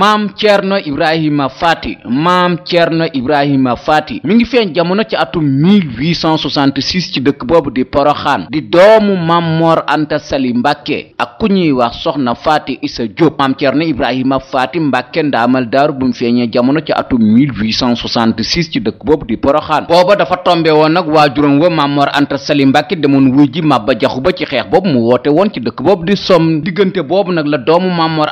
maam Thierno na Faty maam Thierno Ibrahima Faty mi ngi feeñ jamono ci atum 1866 ci dëkk boobu di Poroxaan di doomu maam Mor Anta Sali Mbàkke ak ku ñuy wax soxna Faty Issa Diop maam Thierno Ibrahima Faty Mbàkke ndaamal daaru bu mu feeñee jamono ci atum 1866 ci dëkk boobu di Poroxaan booba dafa tombe woon nag waajuram wa maam Mor Anta Sali Mbàkke demoon wuy ji Maba Jaxu Ba ci xeex boobu mu woote woon ci dëkk boobu di som diggante boobu nag la doomu maam Mor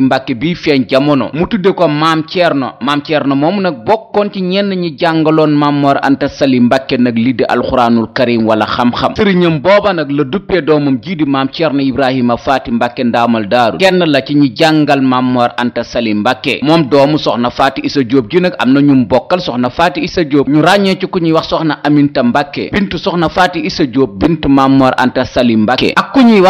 Mbàkke bi feeñ jamono mu tudde ko maam Thierno maam Thierno moom nag bokkoon ci ñenn ñi jàngaloon maam Mor Anta Sali Mbàkke nag lii di alxuraanul karim wala xam-xam sëriñam booba nag la duppee doomam jii di maam Thierno Ibrahima Faati Mbàkke ndaamal daaru kenn la ci ñi jàngal maam Mor Anta Sali Mbàkke moom doomu soxna Faati Isa Jóob ji nag am na ñu mbokkal soxna Faati Isa Jóob ñu ràññee ci ku ñuy wax soxna Aminta Mbàkke bintu soxna Faati Isa Jóob bintu maam Mor Anta Sali Mbàkke ak ku ñuy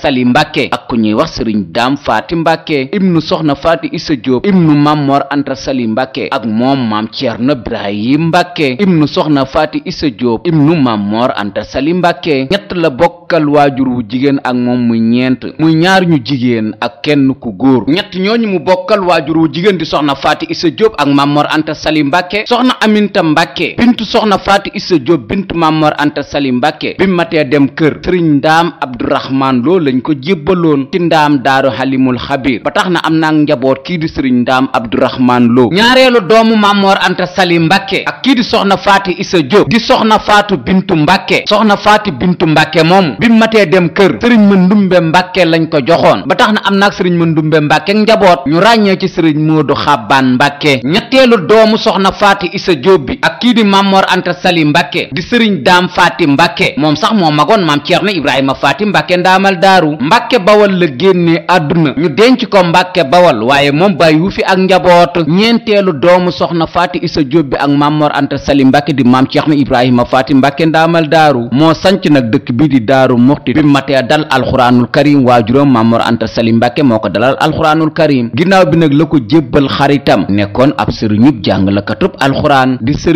Sali Mbàkke ak ku ñuy wax sëriñ daam faati Mbàkke ibnu soxna faati Isa Jóob ibnu Mam Mor Anta Sali Mbàkke ak moom maam Ceerno Birahim Mbàkke ibnu soxna faati Isa Jóob ibnu Mam Mor Anta Sali Mbàkke ñett la bokkal waajur wu jigéen ak moom muy ñeent muy ñaar ñu jigéen ak kenn ku góor ñett ñooñu mu bokkal waajur wu jigéen di soxna faati Isa Jóob ak Mam Mor Anta Sali Mbàkke soxna Aminta Mbàkke bintu soxna faati Isa Jóob bintu Mam Mor Anta Sali Mbàkke bi matee dem kër sëriñ daam Abdourahman Lo lañ ko jébbaloon ci ndaam daaru xalimul xabir ba tax na am naa njaboot kii di sëriñ ndaam abdourahman loo ñaareelu doomu mammoor anta sali mbàkke ak kii di soxna faati isa jóob di soxna faatu bintu mbàkke soxna faati bintu mbàkke moom bi mu matee dem kër sëriñ ma ndumbe mbàkke lañ ko joxoon ba tax na am naag sëriñ ma ndumbe mbàkke njaboot ñu ràññee ci sëriñ moodu xabbaan mbàkke ñetteelu doomu soxna faati isa jóob bi ak kii di maam Mor Anta Sali Mbàkke di sëriñ daam faati Mbàkke moom sax moo magoon maam Ceerno Ibrahima faati Mbàkke ndaamal daaru Mbàkke bawal la génnee àdduna ñu denc ko Mbàkke bawal waaye moom bàyyi wu fi ak njaboot ñeenteelu doomu soxna faati Isa Jóob bi ak maam Mor Anta Sali Mbàkke di maam Ceerno Ibrahima faati Mbàkke ndaamal daaru moo sanc nag dëkk bi di daaru muxti bi matee dal alxuraanul karim waa maam Mor Anta Sali Mbàkke moo ko dalal alxuraanul ginnaaw bi nag la ko jébbal xaritam nekkoon ab sëriñub jàngalakatub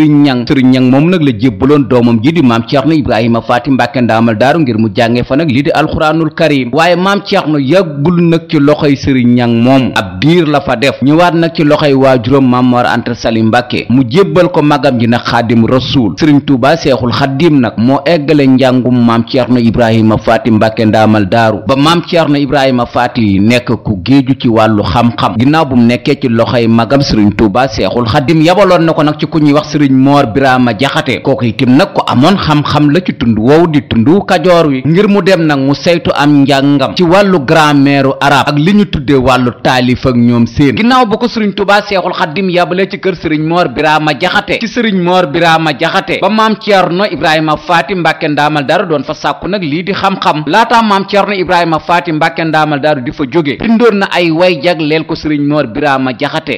sëriñ ñang sëriñ ñang moom nag la jébbaloon doomam ji di maam ceerno ibrahima faati mbàkke ndaamal daaru ngir mu jàngee fa nag lii di alxuraanul karim waaye maam ceerno yàggul nag ci loxoy sëriñ moom ab diir la fa def ñëwaat nag ci loxoy waajuram maam mor anta sali mbàkke mu jébbal ko magam ji nag xaadim rasuul sëriñ tuuba seexul xaddim nag moo eggale njàngum maam na ibrahima faati mbàkke ndaamal daaru ba maam na ibrahima faati nekk ku géeju ci wàllu xam-xam ginnaaw bu mu nekkee ci loxoy magam sëriñ tuuba seexul xaddim moor biraama jaxate kooku itam nag ko amoon xam-xam la ci tund woow di tund kajoor wi ngir mu dem nag mu seytu am njàngam ci wàllu grammaire arab ak li ñu tuddee wàllu taalif ak ñoom seen ginnaaw ba ko sëriñ tubaa seexul xaddim yabale ci kër sëriñ moor biraama jaxate ci sëriñ moor biraama jaxate ba maam no ibrahima faati mbàkke ndaamal daaru doon fa sàkku nag lii di xam-xam laata maam ceerno ibrahima faati mbàkke ndaamal daaru di fa jóge bindoon na ay way jagleel ko sëriñ moor biraama jaxate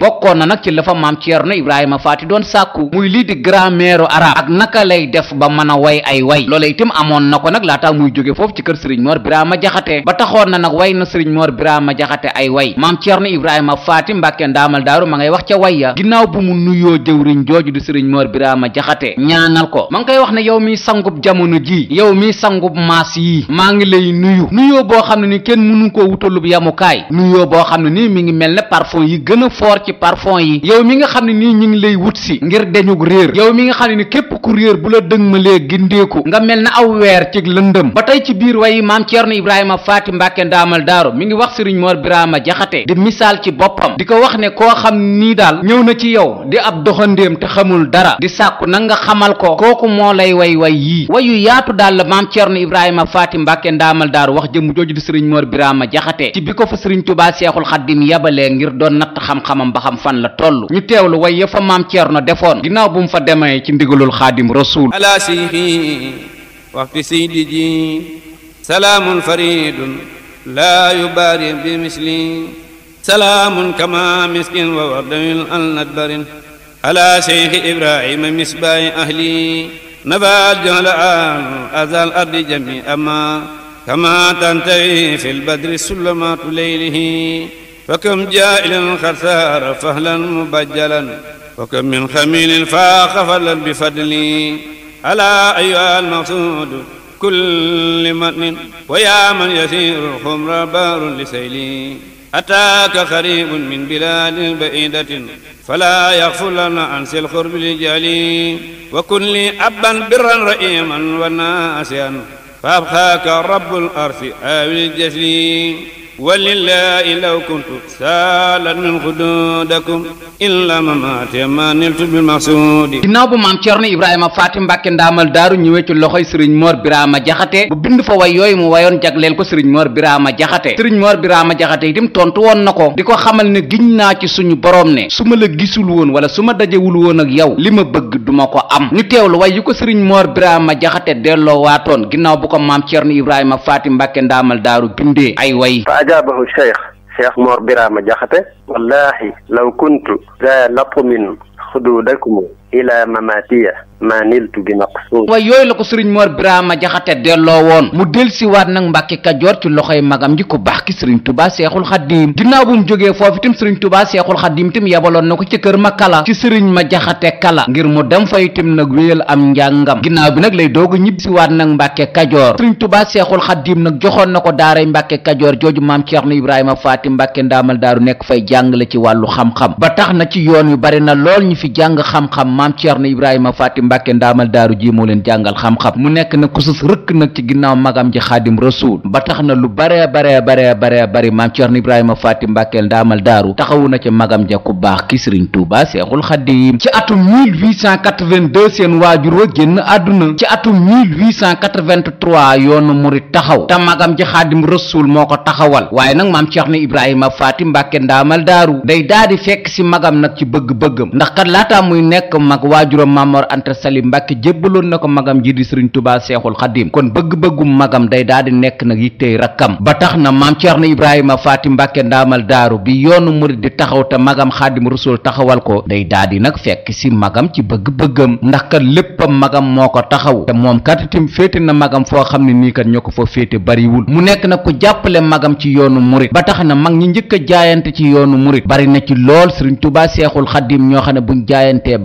lijjanti grammaire arab ak naka lay def ba mën a way ay way loola itam amoon na ko nag laataa muy jóge foofu ci kër sëriñ Mor Birama Jaxate ba taxoon na nag way na sëriñ Mor Birama Jaxate ay way maam Ceerno Ibrahima Faati Mbàkke ndaamal daaru ma ngay wax ca way ya ginnaaw bu mu nuyoo jëwriñ jooju di sëriñ Mor a Jaxate ñaanal ko ma ngi koy wax na yow miy sangub jamono ji yow miy sangub maas yi maa ngi lay nuyu nuyoo boo xam ne ni kenn mënu koo wutalub yamukaay nuyoo boo xam ne nii mi ngi mel ne parfum yi gën a foor ci parfum yi yow mi réer yow mi nga xam ne ni képp ku réer bu la dëng ma lee gindeeku nga mel na aw weer ci lëndëm ba tey ci biir wayi maam Ceerno Ibrahima Faati ndaamal daaru mi ngi wax Sëriñ Mor Birama Jaxate di misaal ci boppam di ko wax ne koo xam nii daal ñëw na ci yow di ab doxandéem te xamul dara di na nga xamal ko kooku moo lay way way yii wayu yaatu daal la maam Ceerno Ibrahima Faati Mbàkke ndaamal daaru wax jëmu jooju di Sëriñ Mor Birama Jaxate ci bi ko fa Sëriñ Tubaa Seexul Xaddim yabalee ngir doon natt xam-xamam ba xam fan la toll ñu teewlu way ya fa maam Ceerno defoon ginnaaw bu mu fa demee ci ndigalul xaadim rasul ala siixi waxti siydi ji salaamun faridun laa yubaari bi misli salaamun kama miskin wa wardawil an nadbarin ala siixi ibrahima misbaayi ahli nabaal joxla an azal ardi jami ama kama tantawi fi lbadri sullamaatu leylihi fa kam jaa ilan xarsaara fahlan mubajjalan وكم من خمين فاق فضلا بفضلي ألا أيها المقصود كل متن ويا من يسير الخمر بار لسيلي أتاك قريب من بلاد بعيدة فلا يغفل لنا عن سي الخرب لجالي وكن لي أبا برا رئيما وناسيا فأبخاك رب الأرث آوي الجسلي ولله لو كنت سالا من خدودكم إلا مماتي ما نلت بالمقصود ginnaaw bu maam Cerno Ibrahima Faati Mbàkke ndaamal daaru ñëwee ci loxoy sëriñ Mor Birama Jaxate bu bind fa way yooyu mu wayoon jagleel ko sëriñ Mor Birama Jaxate sëriñ Mor Birama Jaxate itam tontu woon na ko di ko xamal ne giñ naa ci suñu boroom ne su ma la gisul woon wala su ma dajewul woon ak yow li ma bëgg duma ko am ñu teewlu way yu ko sëriñ Mor Birama Jaxate delloo waatoon ginnaaw bu ko maam Cerno Ibrahima Faati Mbàkke daaru bindee ay way ajaabahu cheikh cheikh Mor Birama Jaxate wallahi law kuntu la latumin xuduudakum ila mamatiya maa niltu bi maqsuud waaye yooyu la ko sëriñ Mor ma Jaxate delloo woon mu del siwaat nag Mbàkke Kajoor ci yi magam ji ku baax ki sëriñ Tuubaa Seexul Xadiim ginnaaw bu mu jógee foofu itam sëriñ Tuubaa Seexul Xadiim itam yebaloon na ko ci kër ma kala ci sëriñ ma jaxate kala ngir mu dem fay itam nag wéyal am njàngam ginnaaw bi nag lay dooga ñibbi siwaat nag Mbàkke Kajoor sëriñ Tuubaa Seexul Xadiim nag joxoon na ko daaray Mbàkke Kajoor jooju maam nu Ibrahima Faati Mbàkke ndaamal daaru nekk fay jàngale ci wàllu xam ba tax na ci yoon yu bari na lool ñi fi jàng xam-xam maam Ibrahima Faati mbàkke ndaamal daaru ji moo leen jàngal xam-xam mu nekk na ku sës rëkk nag ci ginnaaw magam ji xaadim rasuul ba tax na lu bare bare bare bare bari maam Cerno Ibrahima Faati Mbàkke ndaamal daaru taxawu na ci magam ja ku baax ki Sëriñ Tuuba Seexul Xadiim ci atum 1882 seen waajur wa génn àdduna ci atum 1883 yoonu murit taxaw te magam ji xaadim rasuul moo ko taxawal waaye nag maam Cerno Ibrahima Faati Mbàkke ndaamal daaru day daal di fekk si magam nag ci bëgg-bëggam ndax kat laataa muy nekk mag waajuram Maamoor Anta Salim Mbàkke jébbaloon na ko magam ji di sëriñ Tuubaa Seexul Xadiim kon bëgg-bëggu magam day daal di nekk nag yittey rakkam ba tax na maam Ceerno Ibrahima Faati Mbàkke ndaamal daaru bi yoonu murid di taxaw te magam Xaadim Rasuul taxawal ko day daal nag fekk si magam ci bëgg-bëggam ndax kat léppam magam moo ko taxaw te moom kat féete na magam foo xam ne nii kat ñoo ko foo féete bariwul mu nekk nag ku jàppale magam ci yoonu murid ba tax na mag ñi njëkk a ci yoonu murid bari na ci lool sëriñ Tuubaa Seexul Xadiim ñoo xam ne buñ jaayantee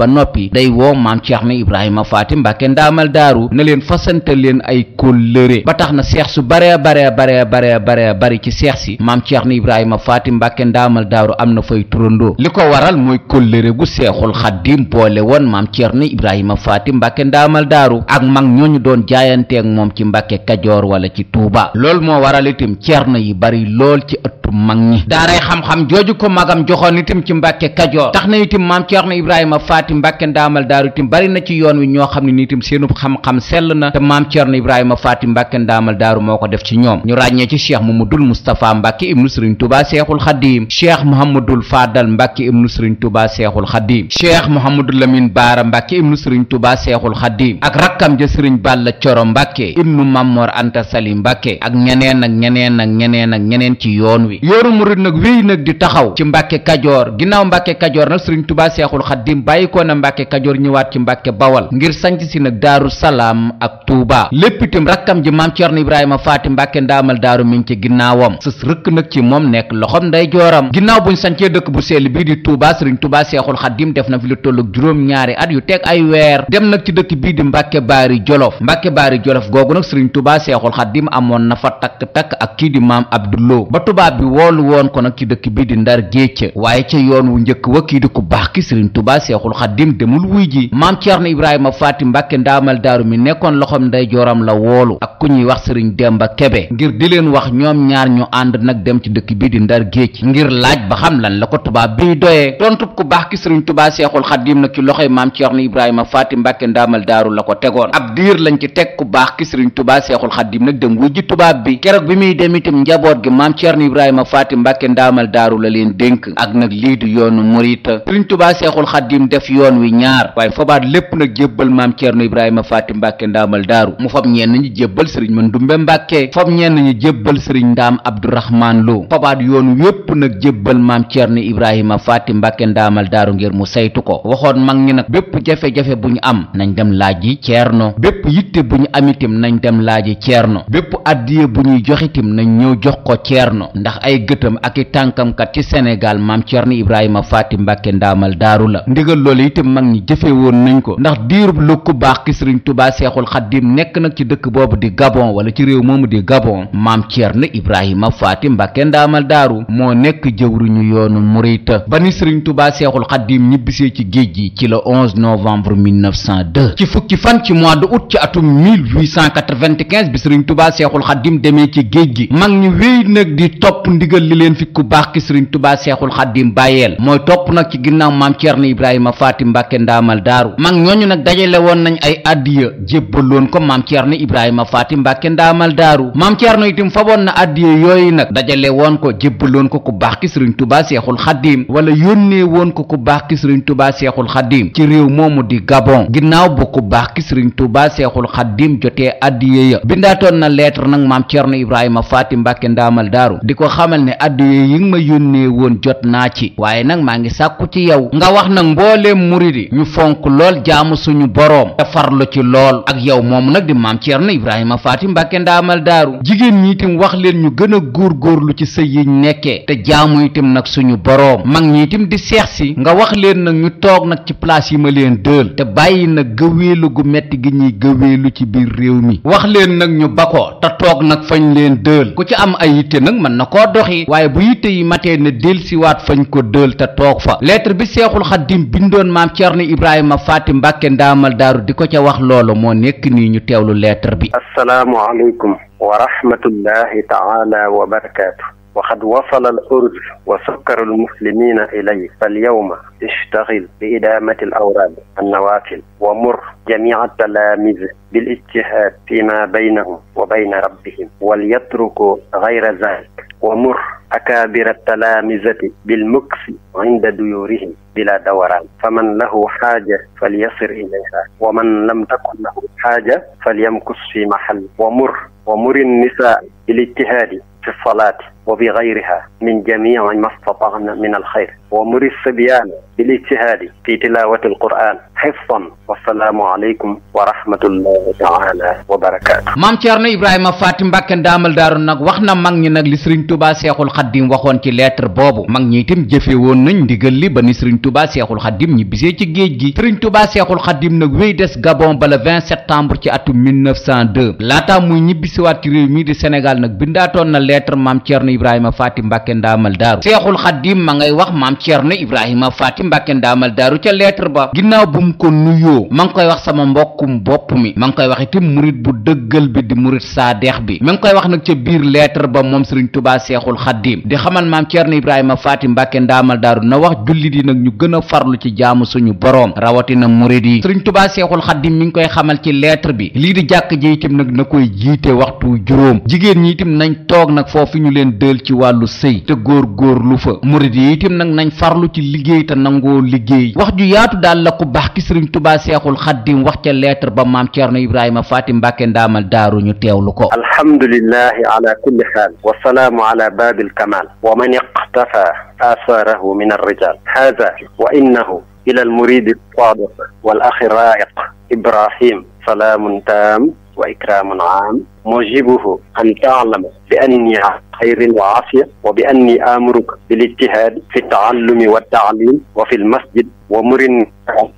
ibrahima faati mbàkke ndaamal daaru na leen fasante leen ay kóllëre ba tax na seex su bare bare bare bare bare bari ci seex si maam ceerno ibrahima faati mbàkke ndaamal daaru am na fay turandoo li ko waral mooy kóllëre gu seexul xaddim boole woon maam ceerno ibrahima faati mbàkke ndaamal daaru ak mag ñooñu doon jaayanteeg moom ci mbàkke kajoor wala ci tuuba loolu moo waral itam ceerno yi bari lool ci ëttu mag ñi daaray xam-xam jooju ko magam joxoon itam ci mbàkke kajoor tax na itam maam ceerno ibrahima faati mbàkke ndaamal daaru itam bari na ci ci yoon wi ñoo xam ne nitam seenub xam-xam sell na te maam Thierno Ibrahima Faty Mbacke ndaamal daaru moo ko def ci ñoom ñu ràññee ci cheikh Mamadul Moustapha Mbacke ibnu Serigne Touba Cheikhul Khadim cheikh Mouhamadul Fadal Mbacke ibnu Serigne Touba Cheikhul Khadim cheikh Mouhamadul Lamine Baara Mbacke ibnu Serigne Touba Cheikhul Khadim ak rakkam ja Serigne Balla Coro Mbacke ibnu Mamor Anta Sali Mbacke ak ñeneen ak ñeneen ak ñeneen ak ñeneen ci yoon wi yoonu murid nag wéy nag di taxaw bawal ngir sanc si nag daaru salaam ak tuubaa lépp itam rakkam ji maam Cerno Ibrahima Faati Mbàkke ndaamal daaru mi ngi ci ginnaawam sës rëkk nag ci moom nekk loxoom nday jooram ginnaaw buñ sancee dëkk bu sell bii di tuubaa sëriñ tuubaa seexul xaddim def na fi lu tollu juróom-ñaari at yu teg ay weer dem nag ci dëkk bii di mbàkke baari jolof mbàkke baari jolof googu nag sëriñ tuubaa seexul xaddim amoon na fa takk-takk ak kii di maam abdullo ba tubaab bi woolu woon ko nag ci dëkk bii di ndar géej waaye ca yoon wu njëkk wa kii ku baax ki sëriñ tuubaa seexul xaddim demul wuy ji maam Ceerno Ibrahima Faati Mbàkke ndaamal daaru mi nekkoon loxom nday jooram la woolu ak ku ñuy wax sëriñ Demba Kebe ngir di leen wax ñoom ñaar ñu ànd nag dem ci dëkk bi di Ndar Géej ngir laaj ba xam lan la ko tubaab bi doyee tontub ku baax ki sëriñ Tubaa Seexul Xadiim nag ci loxoy maam Ceerno Ibrahima Faati Mbàkke ndaamal daaru ko tegoon ab diir lañ ci teg ku baax ki sëriñ Tubaa Seexul Xadiim nag dem wujji tubaab bi keroog bi muy dem itam njaboot gi maam Ceerno Ibrahima Faati Mbàkke ndaamal daaru la leen dénk ak nag lii di yoonu murita sëriñ Tubaa Seexul Xadiim def yoon wi ñaar waaye fobaat lépp nag jébbal maam Thierno Ibrahima Faty Mbacke ndaamal daaru mu fab ñenn ñi jébbal sëriñ Mandumbe Mbacke fab ñenn ñi jébbal sëriñ ndaam Abdourahmane Lo fabaat yoon wépp nag jébbal maam Thierno daaru ngir mu saytu ko waxoon mag ñi nag bépp jafe-jafe bu ñu am nañ dem laaj yi Thierno bépp yitte bu ñu am itam nañ dem laaj yi no bépp addiye bu ñuy jox itam nañ ñëw jox ko no ndax ay gëtam ak i tànkamkat ci Sénégal maam Thierno Ibrahima Faty Mbacke ndaamal daaru la ndigal loolu itam mag ñi jëfe woon nañ ko ndax diirub lu ku baax ki sëriñ tubaa seexul xaddim nekk nag ci dëkk boobu di gabon wala ci réew moomu di gabon maam Ceerno ibrahima faati mbàkke ndaamal daaru moo nekk jëwriñu yoonu murita ba ni sëriñ tubaa seexul xaddim ñibbisee ci géej gi ci le 11 novembre 1902 ci fukki fan ci mois de août ci atum 1895 bi sëriñ tubaa seexul xaddim demee ci géej gi mag ñi wéy nag di topp ndigal li leen fi ku baax ki sëriñ tubaa seexul xaddim bàyyeel mooy topp nag ci ibrahima faati mbàkke ñooñu nag dajale woon nañ ay addiya jébbaloon ko maam Thierno Ibrahima Faty Mbacke ndaamal daaru maam Thierno fa faboon na addiya yooyu nag dajale woon ko jébbaloon ko ku baax ki sëriñ Tuubaa Seexul Xadiim wala yónnee woon ko ku baax ki sëriñ Tuubaa Seexul Xadiim ci réew moomu di Gabon ginnaaw bu ku baax ki sëriñ Tuubaa Seexul Xadiim jotee addiya ya bindaatoon na lettre nag maam Thierno Ibrahima Faty Mbacke ndaamal daaru di ko xamal ne addiya yi nga ma yónnee woon jot naa ci waaye nag maa ngi sàkku ci yow nga jaamu suñu boroom te farlu ci lool ak yow moom nag di maam Ceerno Ibrahima Faati Mbàkke ndaamal daaru jigéen ñi itam wax leen ñu gën a góorgóorlu ci sëy yiñ nekkee te jaamu itam nag suñu boroom mag ñi itam di seex si nga wax leen nag ñu toog nag ci place yi ma leen dël te bàyyi nag gëweelu gu metti gi ñuy gëweelu ci biir réew mi wax leen nag ñu bako te toog nag fañ leen dël ku ci am ay yitte nag mën na koo doxi waaye bu yitte yi matee na del siwaat fañ ko dël te toog fa lettre bi seexul xaddim bindoon maam Ceerno Ibrahima Faati Mbàkke ndaamal daaru di ko ca wax loolu moo nekk nii ñu teewlu lettre bi asalaamualeykum wa rahmatullahi taala wa barakaatu waxad wasala al urdu wa sakkara al muslimina ilay falyawma ishtaxil bi idaamati al awraad annawaafil wa mur jamia altalaamiz bil ijtihaad fi ma baynahum wa bayna rabbihim wal yatruku gayra zalik wa mur akaabira talaamisati bil muksi inda duyuurihim bila dawaraan fa man lahu xaaja falyasir ilayha wa man lam takun lahu xaaja falyamkus fi mahal wa mur wa muri nisaa bil ijtihaadi fi salaati وبغيرها من جميع ما استطعنا من الخير ومر الصبيان بالاجتهاد في تلاوة القرآن wax na mag ñi nag li Serigne Touba Seexul Xaddim waxoon ci lettre boobu mag ñi itam jëfe woon nañ ndigal li ba ni Serigne Touba Seexul Xaddim ñibbisee ci géej gi Serigne Touba Seexul Xaddim nag wéy des Gabon ba le 20 septembre ci atum 1902 laataa muy ñibbisiwaat ci réew mi di Sénégal nag bindaatoon na lettre maam Thierno ibrahima faati mbàkke ndaamal daaru seexul xaddim ma ngay wax maam ceerno ibrahima faati mbàkke ndaamal daaru ca lettre ba ginnaaw bu mu ko nuyoo ma ngi koy wax sama mbokkum bopp mi ma ngi koy wax itam murit bu dëggal bi di murit saadeex bi ma ngi koy wax nag ca biir lettre ba moom sëriñ tubaa seexul xaddim di xamal maam ceerno ibrahima faati mbàkke ndaamal daaru na wax jullit yi nag ñu gën a farlu ci jaamu suñu boroom rawatina murit yi sëriñ tubaa seexul xaddim mi ngi koy xamal ci lettre bi lii di jàkk ji na koy jiite waxtu juróom yitteel ci wàllu sëy te góor góor lu fa murit yi itam nag nañ farlu ci liggéey te nangoo liggéey wax ju yaatu daal la ku baax ki sëriñ tubaa seexul xaddim wax ca lettre ba maam ceerno ibrahima faati mbàkke ndaamal daaru ñu teewlu ko alhamdulillahi ala kulli xaal wasalaamu ala baabil kamal wa man iqtafa asaarahu min alrijal hada wa innahu ila almuridi sadiq wal axi raiq ibrahim salaamun taam wa ikraamun aam موجبه أن تعلم بأني خير وعافية وبأني آمرك بالاجتهاد في التعلم والتعليم وفي المسجد ومرن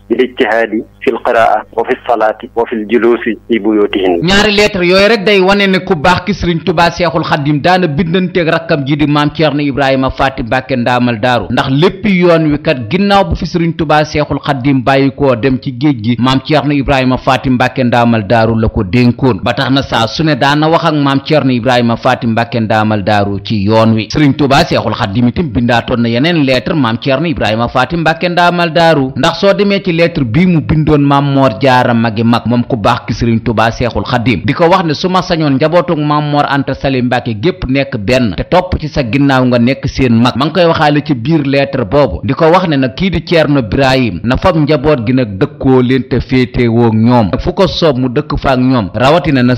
بالاجتهاد في القراءة وفي الصلاة وفي الجلوس في بيوتهن ñaari lettre yooyu rek day wane ne ku baax ki Sëriñ Tuubaa Seexul Xaddim daana bindanteeg rakkam ji di maam Ceerno Ibrahima Faati Mbàkke ndaamal daaru ndax lépp yoon wi kat ginnaaw bu fi Sëriñ Tuubaa Seexul Xaddim bàyyi koo dem ci géej gi maam Ceerno Ibrahima Faati Mbàkke ndaamal daaru la ko dénkoon ba tax na saa su ne daana wax ak maam Cerno Ibrahima Faati Mbàkke ndaamal daaru ci yoon wi sëriñ Tuubaa Seexul Xadiim itam bindaatoon na yeneen lettre maam Cerno Ibrahima Faati Mbàkke ndaamal daaru ndax soo demee ci lettre bii mu bindoon maam Moor Jaara magi mag moom ku baax ki sëriñ Tuubaa Seexul Xadiim di ko wax ne su ma sañoon njabootug maam Moor Anta Sali Mbàkke gépp nekk benn te topp ci sa ginnaaw nga nekk seen mag ma ngi koy waxaale ci biir lettre boobu di ko wax ne nag kii di Cerno Ibrahim na fab njaboot gi nag dëkkoo leen te féetewoo ñoom fu ko soob mu dëkk faak ñoom rawatina na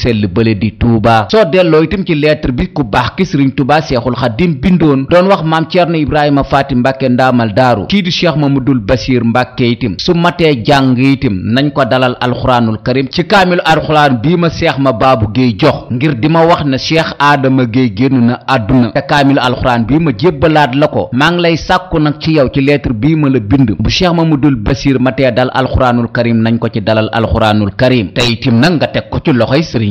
sell bële di Touba soo delloo itam ci lettre bi ku baax ki sëriñ Touba Seexul Xadim bindoon doon wax maam Ceerno Ibrahima Faati Mbàkke ndaamal daaru kii di Cheikh Mamadul Basiir Mbàkke itam su matee jàng itam nañ ko dalal alxuraanul karim ci kaamilu alxuraan bii ma seex ma baabu géey jox ngir di ma wax ne Cheikh aadama Géey génn na àdduna te kaamilu alxuraan bii ma jébbalaat la ko maa ngi lay sàkku nag ci yow ci lettre bii ma la bind bu Cheikh Mamadul Basiir matee dal alxuraanul nañ ko ci dalal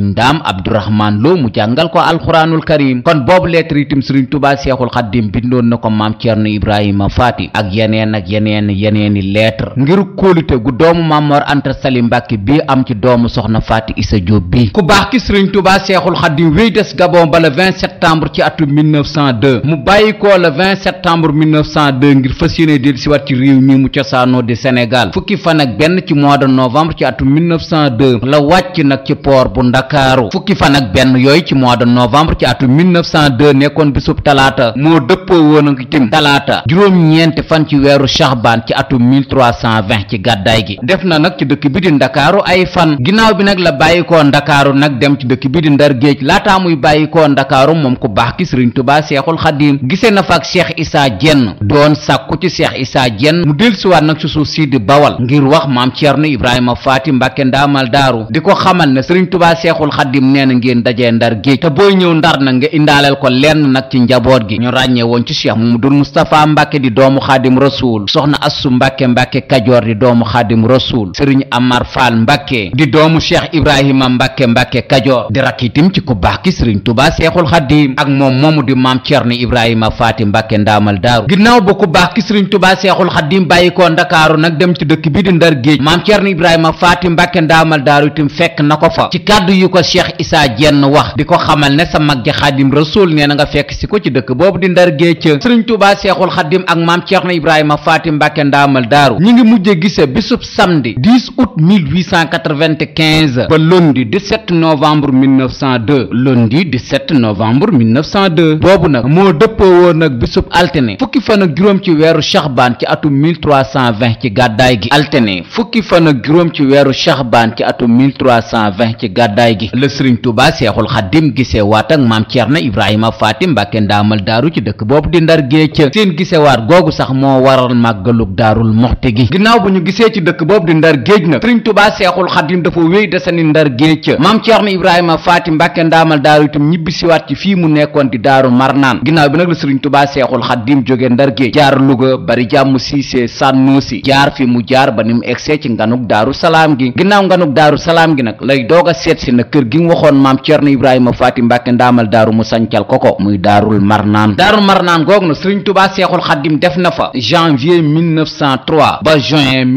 sëriñ ndaam abdourahmaan loo mu jàngal ko alxuraanul karim kon boobu lettre itam sëriñ tubaa seexul xaddim bindoon na ko maam ceerno ibrahima faati ak yeneen ak yeneen yeneeni lettre ngir kóolute gu doomu mamor anta sali mbàkke am ci doomu soxna faati isa jóob bi ku baax ki sëriñ tubaa seexul xaddim wéy des gabon ba le 20 septembre ci atum 1902 mu bàyyi ko le 20 septembre 1902 ngir fas yéene del ci réew mi mu cosaanoo di sénégal fukki fan ak benn ci mois de novembre ci atum 1902 la ndakaaru fukki fan ak benn yooyu ci mois de novembre ci atu 1902 nekkoon bisub talaata moo dëppoo woon ak itim talaata juróom-ñeenti fan ci weeru Shahban ci atu 1320 ci gàddaay gi def na nag ci dëkk bi di ndakaaru ay fan ginnaaw bi nag la bàyyi ndakaaru nag dem ci dëkk bi di ndar géej laataa muy bàyyikoo ndakaaru moom ku baax ki sëriñ tubaa seexul xadiim gisee na fa ak cheikh isaa jenn doon sàkku ci cheikh isaa jenn mu dellusiwaat nag ci suuf sii di bawal ngir wax maam Cerno Ibrahima Faati Mbàkke ndaamal daaru di ko xamal ne sëriñ tubaa seexul xaddim nee na ngeen dajee ndar géej te booy ñëw ndar nag nga indaaleel ko lenn nag ci njaboot gi ñu ràññee woon ci cheikh mamadul moustapha mbàkke di doomu xaadim rasul soxna assu mbàkke mbàkke kajoor di doomu xaadim ci ku baax ki sëriñ tubaa seexul xaddim ak moom moomu di maam cerno ibrahima ba ku baax ki sëriñ tubaa seexul xaddim bàyyi ko ndakaaru nag dem ci dëkk bi di ndar géej maam cerno ibrahima faati mbàkke ndaamal daaru itam fekk na ko fa ci kàddu yu ko cheikh isaa jenn wax di ko xamal ne sa mag ja xaadim rasul nee na nga fekk si ko ci dëkk boobu di ndar géej sëriñ tubaa seexul xadim ak maam ceerno ibrahima faati mbàkke ndaamal daaru ñi ngi mujje gise bisub samedi ba lundi 17 novembre 1902 lundi 17 boobu nag moo dëppoo woon nag bisub altine fukki fan ak juróom ci weeru chaxbaan ci atum ci gàddaay gi altine fukki fan ak juróom ci weeru chaxbaan ci atum ci gàddaay gàddaay gi la sëriñ Tuubaa seexul xaddim gisewaat ak maam Cerno Ibrahima Faati Mbàkke ndaamal daaru ci dëkk boobu di ndar géej seen gisewaat googu sax moo waral màggalug daarul moxte gi ginnaaw bu ñu gisee ci dëkk boobu di ndar géej nag sëriñ Tuubaa seexul xaddim dafa wéy desani ndar géej maam Cerno Ibrahima Faati Mbàkke ndaamal daaru itam ñibbisiwaat ci fii mu nekkoon di daaru marnaan ginnaaw bi nag la sëriñ Tuubaa seexul xaddim jóge ndar géej jaar Luga bari jàmm siisee sànnuusi jaar fi mu jaar ba mu egsee ci nganuk daaru salaam gi ginnaaw nganuk a na kër gi mu waxoon maam Cerno Ibrahima Faati Mbàkke ndaamal daaru mu sancal ko ko muy daarul marnaan daarul marnaan goog na sëriñ tubaa seexul xaddim def na fa janvier ba juin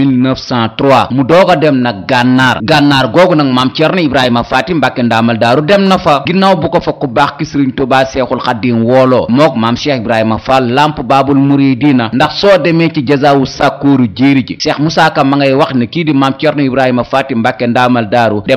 mu doog dem na gànnaar gànnaar googu nag maam Cerno Ibrahima Faati Mbàkke ndaamal daaru dem na fa ginnaaw bu ko fa ku baax ki sëriñ tubaa seexul xaddim wooloo mook maam Cheikh Ibrahima Fall lamp baabul na ndax soo demee ci jazaawu sàkkooru jéeri ji Cheikh Moussa Ka ma ngay wax ne kii di maam Cerno Ibrahima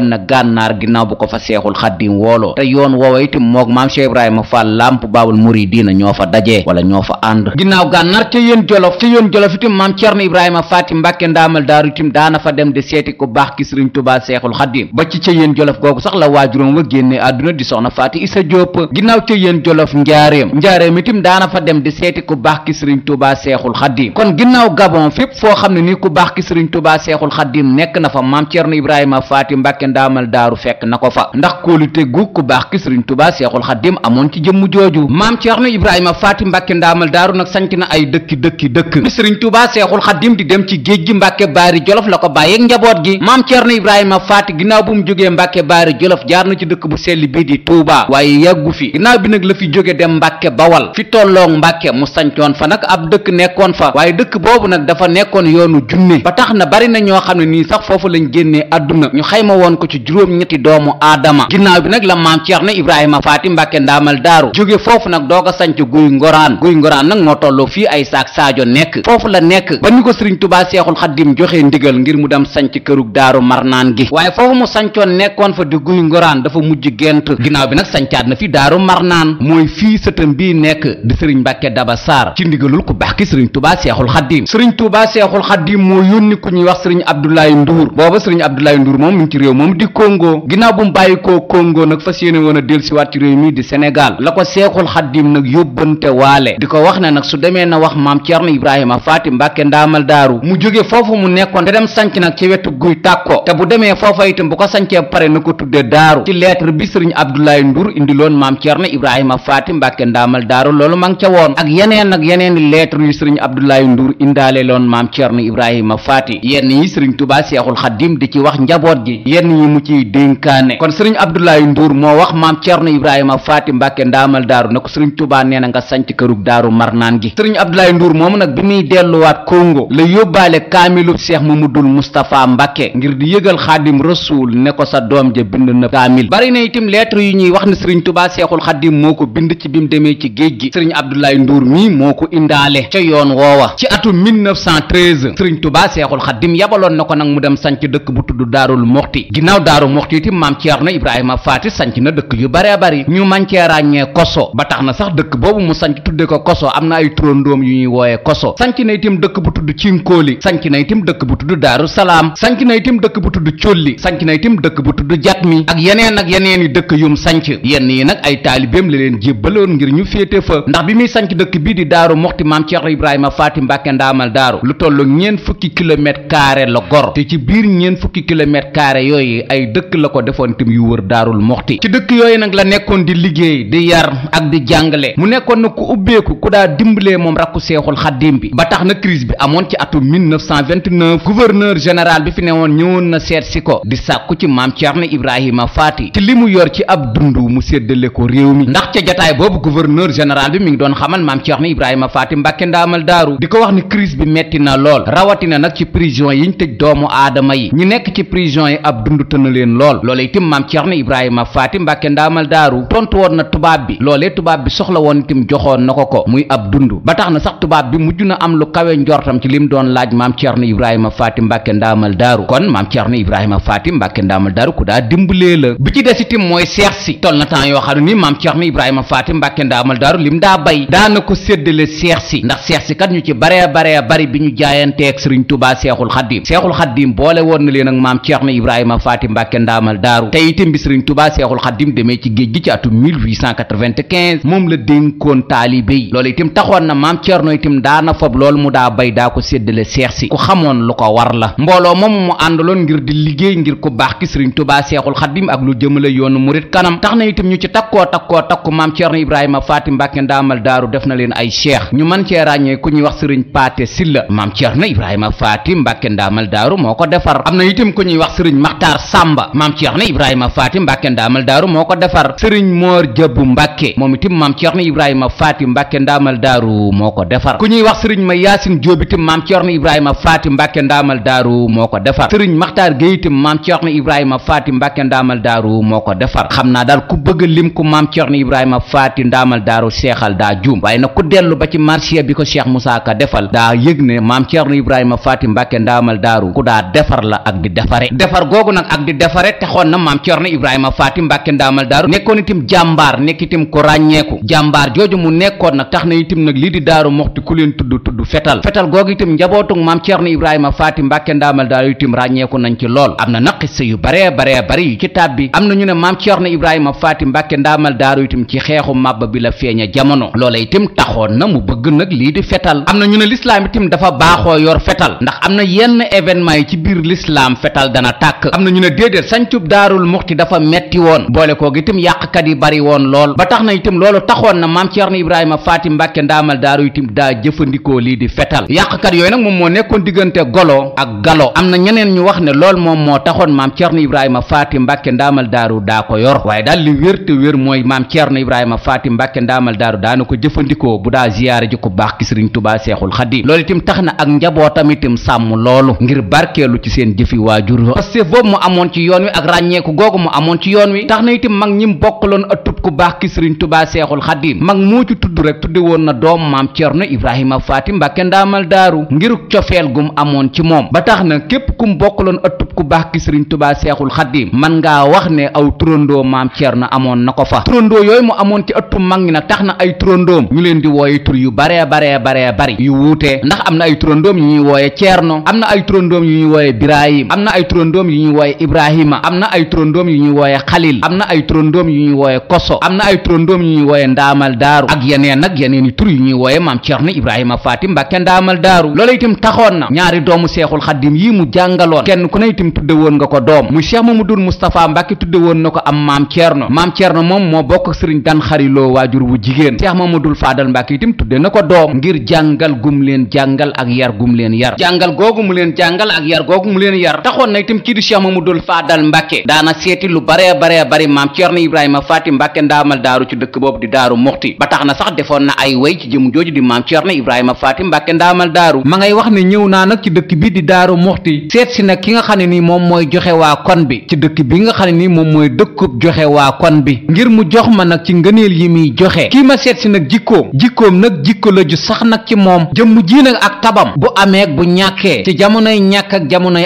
na gànnaar ginnaaw bu ko fa seexul xaddim wooloo te yoon a itam moog maam Cheikh Ibrahima Fall lamp baabul muridiina ñoo fa dajee wala ñoo fa ànd ginnaaw gànnaar ca yéen jolof ca yéen jolof itam maam Cerno Ibrahima Faati Mbàkke ndaamal daaru itam daana fa dem di seeti ku baax ki Sëriñ seexul xaddim ba ci ca yéen jolof googu sax la waajuróom wa génne àdduna di soxna Faati Isa Jóob ginnaaw ca yéen jolof njaareem njaareem itam daana fa ku baax ki Sëriñ seexul xaddim kon ginnaaw gabon fépp foo xam ne nii ku baax ki Sëriñ seexul na ko fa ndax kóolute gu ku baax ki sëriñ tubaa seexul xaddim amoon ci jëmm jooju maam ceerno ibrahima faati mbàkke ndaamal daaru nag sanc na ay dëkki dëkki dëkk bi sëriñ tubaa seexul xaddim di dem ci géej gi mbàkke baari jolof la ko bàyyeeg njaboot gi maam ceerno ibrahima faati ginnaaw bu mu jógee mbàkke baari jolof jaar na ci dëkk bu selli bii di tuubaa waaye yàggu fi ginnaaw bi nag la fi jóge dem mbàkke bawal fi tolloog mbàkke mu sancoon fa nag ab dëkk nekkoon fa waaye dëkk boobu nag dafa nekkoon yoonu junne ba tax na bari na ñoo xam ne nii sax foofu lañ génnee àdduna ñu xayma woon ko doomu ginnaaw bi nag la maam Ceerno Ibrahima Faati Mbàkke ndaamal daaru jóge foofu nag doog a sanc guy ngoraan guy ngoraan nag moo tolloo fii ay saak saajo nekk foofu la nekk ba ni ko sëriñ tubaa seexul xaddim joxe ndigal ngir mu dem sanc kërug daaru marnaan gi waaye foofu mu sancoon nekkoon fa di guy ngoraan dafa mujj gént ginnaaw bi na fi daaru marnaan mooy fii sëtam bii nekk di sëriñ Mbàkke Daba Saar ci ndigalul ku baax ki sëriñ tubaa seexul xaddim sëriñ tubaa seexul xaddim moo yónni ku ñuy wax sëriñ Abdoulaye Ndour booba sëriñ Abdoulaye Ndour moom mi ngi ci réew moom di Congo ginnaaw ginnaaw bu mu bàyyi koo Congo nag a dellusiwaat ci réew mi di Sénégal la ko seexul xaddim nag wax ne nag su demee na wax maam Thierno Ibrahima Faati Mbàkke ndaamal daaru mu jóge foofu mu nekkoon te dem sanc nag ci wetu guy tàkko te bu demee foofa itam bu ko sancee pare na ko tudde daaru ci lettre bi sëriñ Abdoulaye Ndour indiloon maam Thierno Ibrahima Faati Mbàkke ndaamal daaru loolu ma ngi woon ak yeneen ak yeneen i lettre yu sëriñ Abdoulaye Ndour indaale loon maam Thierno Ibrahima Faati yenn yi sëriñ Tuubaa seexul xaddim di ci wax njaboot gi yenn yi mu ciy dénk dénkaane kon sëriñ Abdoulaye Ndour moo wax maam Thierno Ibrahima Faty Mbacke ndaamal daaru na ko sëriñ Touba nee na nga sanc kërug daaru marnaan gi sëriñ Abdoulaye Ndour moomu nag bi ko sa doom ja bind na kaamil na itam lettre yu ñuy wax ne sëriñ Touba seexul xaadim moo ko bind ci bi mu demee ci géej gi sëriñ Abdoulaye Ndour mii moo ko indaale ca yoon woowa ci atum 1913 sëriñ Touba seexul xaadim yabaloon na ko nag mu dem sanc dëkk bu tudd daarul moxti ginnaaw daaru moxti itam maam Ceerno Ibrahima Faati sanc na dëkk yu baree bari ñu man cee ràññee koso ba tax na sax dëkk boobu mu sanc tudde ko koso am na ay turandoom yu ñuy wooye koso sanc na itam dëkk bu tudd Cinkóoli sanc na itam dëkk bu tudd Daaru Salaam ak yeneen ak yeneen i dëkk yum sanc yenn yi nag ay taalibeem la leen jébbaloon ngir ñu féete fa ndax bi muy sanc dëkk bii di Daaru Moxti maam Ceerno Ibrahima Faati Mbàkke ndaamal daaru lu tollu ñeen fukki kilomètre carré la gor te ci biir ñeen fukki kilomètre carré yooyu defoon tim yu wër daarul moxti ci dëkk yooyu nag la nekkoon di liggéey di yar ak di jàngale mu nekkoon na ku ubbeeku ku daa dimbalee moom rakku seexul xaddim bi ba tax na crise bi amoon ci atum 1929 gouverneur général bi fi newoon ñëwoon na seet si ko di sàkku ci maam Thierno Ibrahima Faty ci li mu yor ci ab dund mu séddale ko réew mi ndax ca jataay boobu gouverneur général bi mi ngi doon xamal maam Thierno Ibrahima faati Mbàkke ndaamal daaru di ko wax ni crise bi metti na lool rawatina nag ci prison yiñ tëj doomu aadama yi ñi nekk ci prison yi ab dund tëna leen lool loola itam maam Cerno Ibrahima Faati Mbàkke ndaamal daaru tontu woon na tubaab bi loolee tubaab bi soxla woon itam joxoon na ko ko muy ab dund ba tax na sax tubaab bi mujj na am lu kawe njortam ci lim doon laaj maam Cerno Ibrahima Faati Mbàkke ndaamal daaru kon maam Cerno Ibrahima Faati Mbàkke ndaamal daaru ku daa dimbalee la bi ci des itam mooy seex si toll na temps yoo xam ne ni maam Cerno Ibrahima Faati Mbàkke ndaamal daaru lim daa bay daana ko séddale seex si ndax seex si kat ñu ci baree baree bari bi ñu jaayanteeg Sëriñ Tubaa Seexul Xaddiim Seexul Xaddiim boole woon na leen ak maam Cerno Ibrahima Faati Mbàkke ndaamal daaru te itam bi sëriñ tubaa seexul xaddim demee ci géej gi ci atum moom la dénkoon taalibe loolu itam taxoon na maam Cerno itam daana fob loolu mu daa bay daa ko séddale seex si ku xamoon lu ko war la mbooloo moom mu àndaloon ngir di liggéey ngir ku baax ki sëriñ tubaa seexul xaddim ak lu jëmale yoonu murit kanam tax na itam ñu ci takkoo takkoo takku maam Cerno Ibrahima Faati Mbàkke ndaamal daaru def na leen ay cheikh ñu man cee ràññee ku ñuy wax sëriñ Paate Silla maam Cerno Ibrahima na itam ku ñuy wax sëriñ Maxtaar Sàmba Ceerno Ibrahima Faati Mbàkke ndaamal daaru moo ko defar sëriñ Moor Jëbbu Mbàkke moom itam maam Ceerno ko ku ñuy wax sëriñ ma Yaasin Jóob itam maam Ceerno Ibrahima Faati Mbàkke ndaamal daaru moo ko defar sëriñ Maxtaar Géy itam maam Ceerno Ibrahima Faati Mbàkke ndaamal daaru moo ko defar xam naa daal ku bëgg lim ku maam Ceerno Ibrahima Faati ndaamal daaru seexal daa juum waaye nag ku dellu ba ci marché bi ko Cheikh Moussa Ka defal da yëg ne maam Ceerno Ibrahima Faati Mbàkke ndaamal daaru ku daa defar la ak di defare defar googu ak di defare taxoon nekkoon na maam Cerno Ibrahima Faati Mbàkke ndaamal daaru nekkoon itam jàmbaar nekk itam ko ràññeeku jàmbaar jooju mu nekkoon nag tax na itam nag lii di daaru moxti ku leen tudd tudd fetal fetal googu itam njabootug maam na Ibrahima Faati Mbàkke ndaamal daaru itam ràññeeku nañ ci lool am na naqis yu bare bare bare yu ci tàbbi am na ñu ne maam Cerno Ibrahima Faati Mbàkke ndaamal daaru itam ci xeexu màbba bi la feeña jamono loola itam taxoon na mu bëgg nag lii di fetal am na ñu ne lislaam itam dafa baaxoo yor fetal ndax am na yenn événement yi ci biir lislaam fetal dana tàkk am na ñu ne daarul muxti dafa metti woon boole koog itam yàqkat yi bari woon lool ba tax na itam loolu taxoon na maam Ceerno Ibrahima Faati Mbàkke ndaamal daaru itam daa jëfandikoo lii di fetal yàqkat yooyu nag moom moo nekkoon diggante golo ak galo am na ñeneen ñu wax ne lool moom moo taxoon maam Ceerno Ibrahima Faati Mbàkke ndaamal daaru daa ko yor waaye daal li wér te wér mooy maam Ceerno Ibrahima Faati Mbàkke ndaamal daaru daana ko jëfandikoo bu daa ziyaare ji ko baax ki Sëriñ Tuubaa Seexul Xadiim loolu itam tax na ak njabootam itam sàmm loolu ngir barkeelu ci seen jëfi waajur ràññeeku googu mu amoon ci yoon wi tax na itam mag ñi mu bokkaloon ëttub ku baax ki sëriñ tubaa seexul xadim mag moo ci tudd rek tudde woon na doom maam Cerno Ibrahima Faati Mbàkke ndaamal daaru ngiruk cofeel gum amoon ci moom ba tax na képp kum bokkaloon ëttub ku baax ki sëriñ tubaa seexul xadim man ngaa wax ne aw turandoo maam na amoon na ko fa turandoo yooyu mu amoon ci ëttub mag ñi nag tax na ay turandoom ñu leen di wooye tur yu baree baree baree bari yu wuutee ndax am na ay turandoom yu ñuy wooye ceer no am na ay turandoom yu ñuy wooye Birahim am na ay turandoom yu ñuy wooye Ibrahima am na na ay turandoom yu ñuy wooye xalil am na ay turandoom yu ñuy wooye koso am na ay turandoom yu ñuy wooye ndaamal daaru ak yeneen nag yeneen i tur yu ñuy wooye maam Cerno Ibrahima Faati Mbàkke ndaamal daaru loola itam taxoon na ñaari doomu seexul xaddim yi mu jàngaloon kenn ku ne itam tudde woon nga ko doom muy Cheikh Mamadou Moustapha Mbàkke tudde woon na ko am maam Cerno maam Cerno moom moo bokk sëriñ dan xariloo waajur wu jigéen Cheikh Mamadou Faadal Mbàkke itam tudde na ko doom ngir jàngal gum leen jàngal ak yar gum leen yar jàngal googu mu leen jàngal ak yar mbàkke daana seeti lu bare bare bari maam ceerno ibrahima faati mbàkke ndaamal daaru ci dëkk boobu di daaru muxti ba tax na sax defoon na ay way ci jëm jooju di maam ceerno ibrahima faati mbàkke ndaamal daaru ma ngay wax ne ñëw naa nag ci dëkk bi di daaru muxti seet si nag ki nga xam ne ni moom mooy joxe waa kon bi ci dëkk bi nga xam ne ni moom mooy dëkku joxe waa kon bi ngir mu jox ma nag ci ngëneel yi muy joxe kii ma seet si nag jikkoom jikkoom nag jikko la sax nag ci moom jëmm ji nag ak tabam bu amee bu ñàkkee ci jamonoy ñàkk ak jamonoy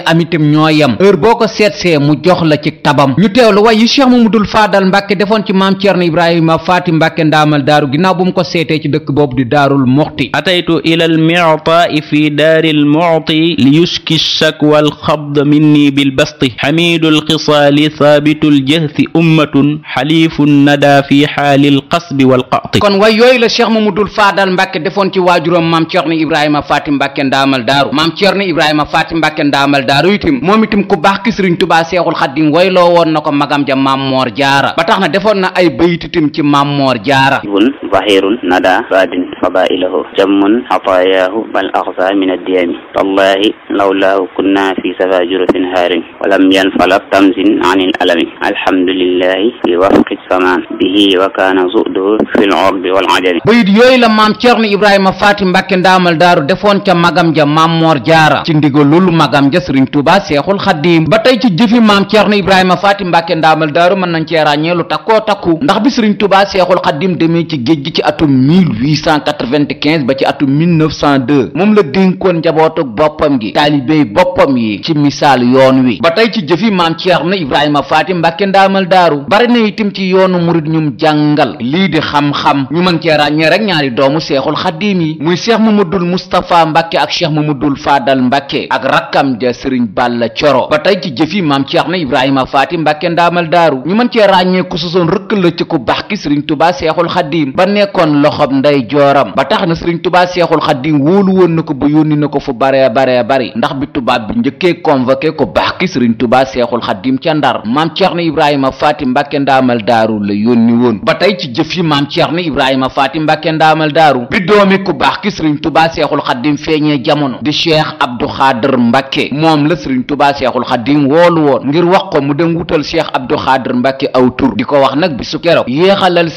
ci tabam ñu teewlu wayu cheikh mamadul faadal mbàkke defoon ci maam ceerno ibrahima faati mbàkke ndaamal daaru ginnaaw bu mu ko seetee ci dëkk boobu di daarul muxti ataytu ila al mi'ta'i fi daaril mu'ti li yuski shakwa al xabd minni bil basti xamidul xisaali saabitul jahsi ummatun xalifun nada fi xaalil qasbi wal qati kon way yooyu la cheikh mamadul faadal mbàkke defoon ci waajuram maam ceerno ibrahima faati mbàkke ndaamal daaru maam ceerno ibrahima faati mbàkke ndaamal daaru itim moom itim ku baax ki sëriñ tubaa seexul xaddim itam woyloo woon na ko magam ja Mammoor Jaara ba tax na defoon na ay baytitam ci Mammoor Jaara. wun waxeerun nada baadin fadailahu jammun xataayaahu bal axsa min addiyami tallahi lawlaahu kunna fi safa jurufin haarim walam yanfala tamsin an il alami alhamdulillahi fi wafqi samaan bihi wa kaana zuduhu fi l urbi wal ajami bayit yooyu la maam Ceerno Ibrahima Faati Mbàkke ndaamal daaru defoon ca magam ja maam Moor Jaara ci ndigalul magam ja Sëriñ Tuubaa Seexul Xadiim ba tey ci jëfi maam Ceerno Ibrahima Faati Mbàkke ndaamal daaru mën nañ cee ràññee lu takkoo takku ndax bi Sëriñ Tuubaa Seexul Xadiim demee ci géej gi ci atum 18 1995 ba ci atu 1902 moom la dénkoon njabootu boppam gi taalibey boppam yi ci misaal yoon wi ba tey ci jëfi maam Ceerno Ibrahima Faati Mbàkke ndaamal daaru bari na itam ci yoonu di xam-xam ñu mën cee ràññee rek ñaari doomu seexul xaddiim yi muy seex Mamadul Mustapha Mbàkke ak seex Mamadul Faadal Mbàkke ak rakkam ja sëriñ Balla Coro ba tey ci jëfi maam Ceerno Ibrahima Faati Mbàkke ndaamal daaru ñu mën cee ràññee ku sosoon rëkk la ci ku baax ki Tubaa seexul xaddiim ba nekkoon loxob ndey joora yaram ba tax na sëriñ tubaa seexul xaddim wóolu woon na ko ba yónni na ko fu bare bare bari ndax bi tubaab bi njëkkee convoqué ko baax ki sëriñ tubaa seexul xaddim ca ndar maam ceerno ibrahima faati mbàkke ndaamal daaru la yónni woon ba tey ci jëf yi maam ceerno ibrahima faati mbàkke ndaamal daaru bi doomi ku baax ki sëriñ tubaa seexul xaddim feeñee jamono di cheikh abdou xaadir mbàkke moom la sëriñ tubaa seexul xaddim woolu woon ngir wax ko mu dem wutal cheikh abdou xaadir mbàkke aw tur di ko wax nag bi su keroog yéexalal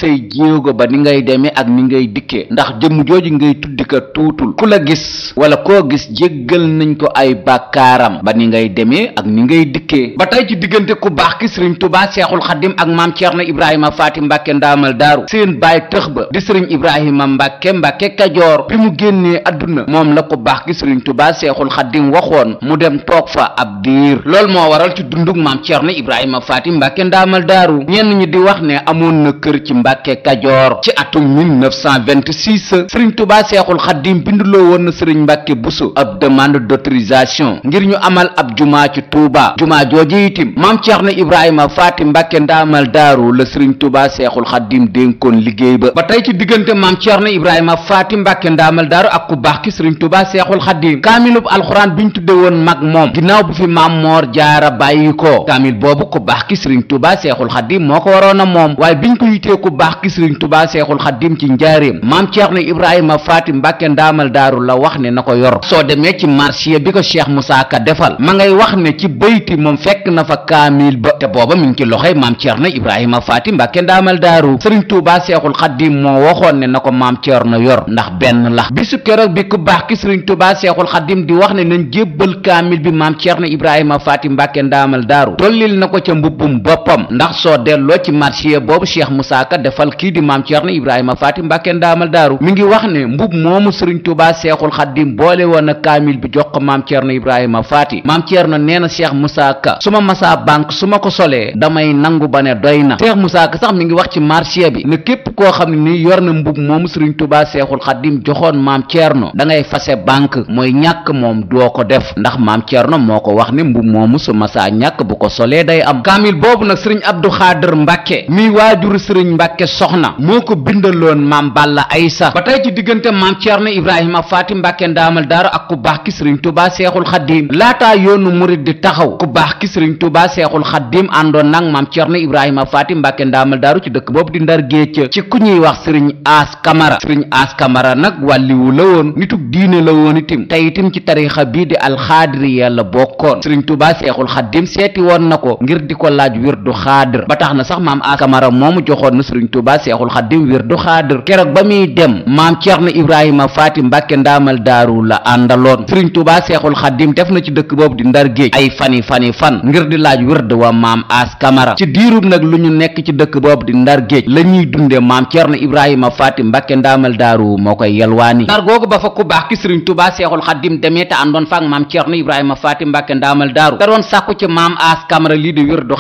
tax jëmm jooju ngay tuddi ka tuutul ku la gis wala koo gis jéggal nañ ko ay bàkkaaram ba ni ngay demee ak ni ngay dikkee ba tey ci diggante ku baax ki sëriñ tubaa seexul xadim ak maam ceerno ibrahima faati mbàkke ndaamal daaru baay tëx ba di sëriñ ibrahima mbàkke mbàkke kajoor bi mu génnee adduna moom la ko baax ki sëriñ tubaa seexul xadim waxoon mu dem toog fa ab diir lool moo waral ci dundug maam ceerno ibrahima faati mbàkke ndaamal daaru ñenn ñi di wax ne amoon na kër ci mbàkke kajoor ci atum 1926 2010 sëriñ tubaa seexul xaddim binduloo woon na sëriñ mbàkke buso ab demande d'autorisation ngir ñu amal ab jumaa ci tuubaa jumaa jooje itim maam Ceerno ibrahima faati mbàkke ndaamal daaru la sëriñ tubaa seexul xaddim dénkoon liggéey ba ba tey ci diggante maam Ceerno ibrahima faati mbàkke ndaamal daaru ak ku baax ki sëriñ tubaa seexul xaddim kaamilub alxuraan bi ñu tudde woon mag moom ginnaaw bu fi maam moor jaara bàyyi ko kaamil boobu ku baax ki sëriñ tubaa seexul xaddim moo ko waroon a moom waaye biñ ko yitee ku baax ki sëriñ tubaa seexul xaddim ci njaareem maam Ceerno Ceerno Ibrahima Faati Mbàkke ndaamal la wax ne na ko yor soo demee ci marché bi ko Cheikh Moussa Ka defal ma ngay wax ne ci bayti moom fekk na fa kaamil ba te booba mi ngi ci loxoy maam Ceerno Ibrahima Faati Mbàkke ndaamal daaru Sëriñ Tuubaa Seexul Xaddiim moo waxoon ne na ko maam Ceerno yor ndax benn la bisu keroog bi ku baax ki Sëriñ Tuubaa Seexul Xaddiim di wax ne na jébbal kaamil bi maam na Ibrahima Faati Mbàkke ndaamal daaru tollil na ko ca mbubbum boppam ndax soo delloo ci marché boobu Cheikh Moussa Ka defal kii di maam Ceerno Ibrahima Faati Mbàkke ndaamal daaru mi ngi wax ne mbub moomu sëriñ tubaa seexul xaddim boole woon na kaamil bi jox ko maam ceerno ibrahima faati maam ceerno nee na cheikh moussa ka su ma masaa banque su ma ko solee damay nangu ba ne doy na cheikh moussa ka sax mi ngi wax ci marché bi ne képp koo xam ne yor na mbub moomu sëriñ tubaa seexul xaddim joxoon maam ceerno da ngay fase banque ñàkk moom doo ko def ndax maam ceerno moo ko wax ne mbub moomu su masaa ñàkk bu ko solee day am kaamil boobu nag sëriñ abdu xaadir mbàkke mi waajuru sëriñ mbàkke soxna moo ko bindaloon maam balla aysa ba tey ci diggante maam Thierno Ibrahima Faati Mbàkke ndaamal daaru ak ku baax ki sëriñ Tuubaa Seexul Xaddiim laataa yoonu murit di taxaw ku baax ki sëriñ Tuubaa Seexul Xaddiim àndoon nag maam Thierno Ibrahima Faati Mbàkke ndaamal daaru ci dëkk boobu di Ndar Géej ci ku ñuy wax sëriñ Aas Kamara sëriñ Aas Kamara nag wàlliwu la woon nitug diine la woon itim tey itim ci tarixa bii di alxaadiriya la bokkoon sëriñ Tuubaa Seexul Xaddiim seeti woon na ko ngir di ko laaj wirdu xaadir ba tax na sax maam Aas Kamara moomu joxoon na sëriñ Tuubaa Seexul Xaddiim wirdu xaadir keroog ba muy dem maam Cerno Ibrahima Faati Mbàkke ndaamal daaru la àndaloon Sëriñ Tuubaa Seexul Xaddim def na ci dëkk boobu di Ndar Géej ay fani fani fan ngir di laaj wërd wa maam As Kamara ci diirub nag lu ñu nekk ci dëkk boobu di Ndar Géej la ñuy dunde maam Cerno Ibrahima Faati Mbàkke ndaamal daaru moo koy yelwaani Ndar googu ba fa ku baax ki Sëriñ Tuubaa Seexul Xaddim demee te àndoon fa ak maam Cerno Ibrahima Faati Mbàkke ndaamal daaru da doon sàkku maam As Kamara lii di wërdu